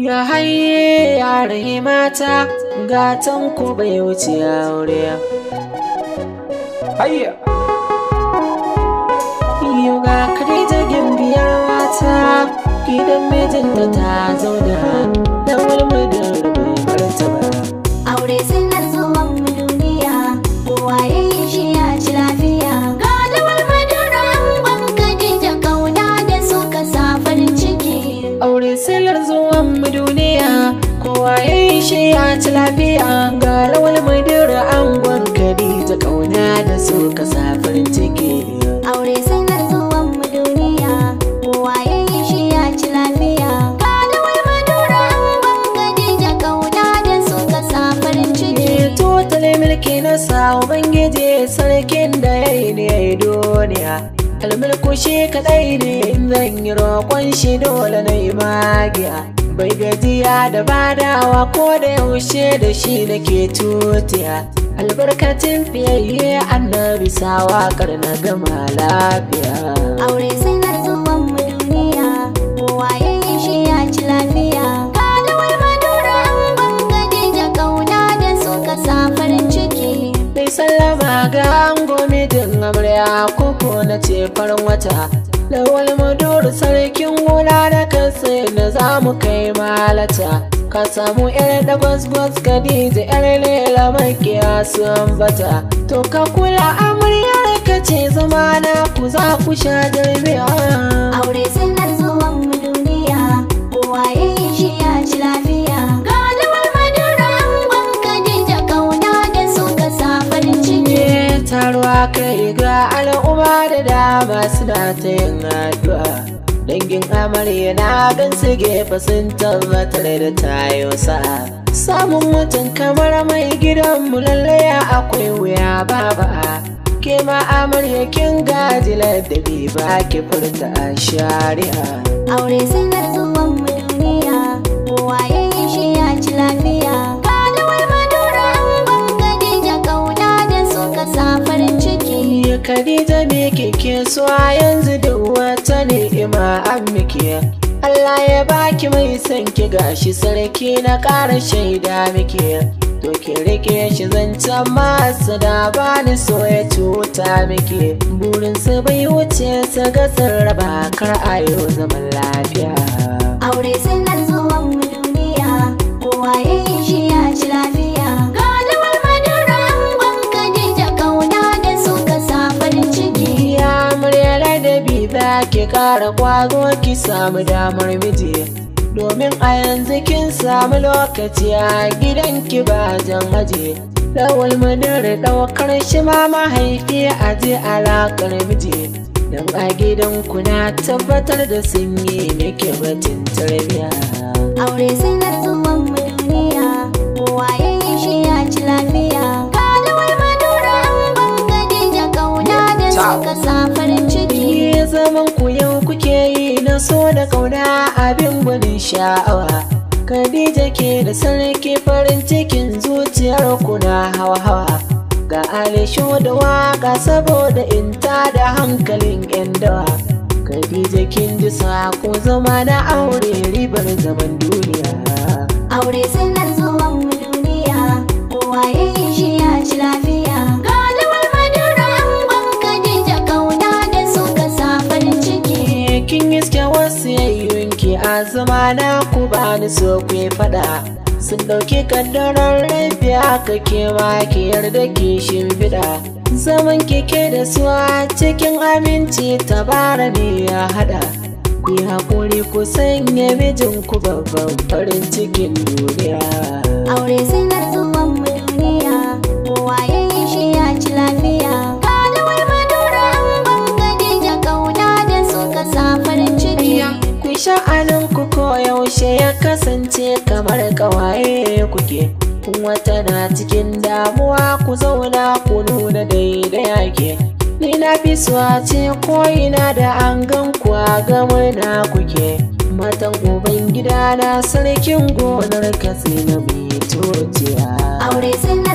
ya haye yare mata gatan ku bai wuce aure hayya yau ga kare da gimbiyar mata gidan mijinta ta zauna tashi lafiya ga lawal madira angon kadi ta kauna da su ka safar ciki aure sanar zuwan mu duniya waye shi ya ci lafiya ga lawal madira angon kadi ta kauna da su ka safar ciki to ne mulki na sa ubangiji sarkin da yayi ne duniya almulku shi kadai ne in zan yi roƙon shi dole na yi magiya bai gajiya da badawa ko da yaushe da shi nake tutiya albarkacin fiyayye annabi sawa na gama lafiya aure sanar zuwan mu duniya waye shi ya ci lafiya kalawar madura an banga da kauna da suka sa farin ciki bai sallama ga an gome din amarya koko na ce farin wata da wani maduru sarkin wula da kansa da za mu kai malata ka samu yar da gwas khadija yar lela makiya an bata to ka kula amaryar ka ce zamana ku za ku sha jarbiya ya kai ga al'umma da dama suna ta yin addu'a dangin amarya na gan su gefe sun tabbatar da tayo sa'a samun mutum kamar mai mu lallaya akwai wuya baba ke ma'amar kin gaji ladabi ba ki furta a shari'a aure sanar zuwan mu duniya waye shi ya ci lafiya gaisuwa yanzu ta wata ni'ima an miki Allah ya baki mai son ki gashi sarki na ƙara shaida miki to ki rike shi zancen masu da bani so ya tuta miki burin su bai wuce sa ga sun raba kar a yau zaman lafiya aure sun kara kwazo ki samu damar miji domin a yanzu kin samu lokaci a gidan ki ba jan aje lawal madara ɗaukar shi ma mahaifi a je alaƙar miji don a gidan ku na tabbatar da sun yi miki batun tarbiyya. aure sai zaman ku yau kuke yi na so da kauna abin gwanin sha'awa Khadija ke da sarki farin cikin zuciyar ku na hawa-hawa ga alisho da waka saboda in ta da hankalin 'yan dawa Khadija kin ji sako zama na aure ribar zaman duniya. Aure sun zama na ku ba ni so ku fada sun ɗauki kaddarar rafiya kake ma ki yarda ki shimfiɗa zaman keke da su a cikin aminci tabara ne ya haɗa ku haƙuri ku sanya mijinku babban farin cikin duniya aure sai na mai. kasance kamar kawaye kuke wata na cikin damuwa ku zauna ku nuna daidai yake ni na fi ce ko'ina da an gan ku a gamar na kuke matan uban gida na sarkin gonar katsina mai tocewa aure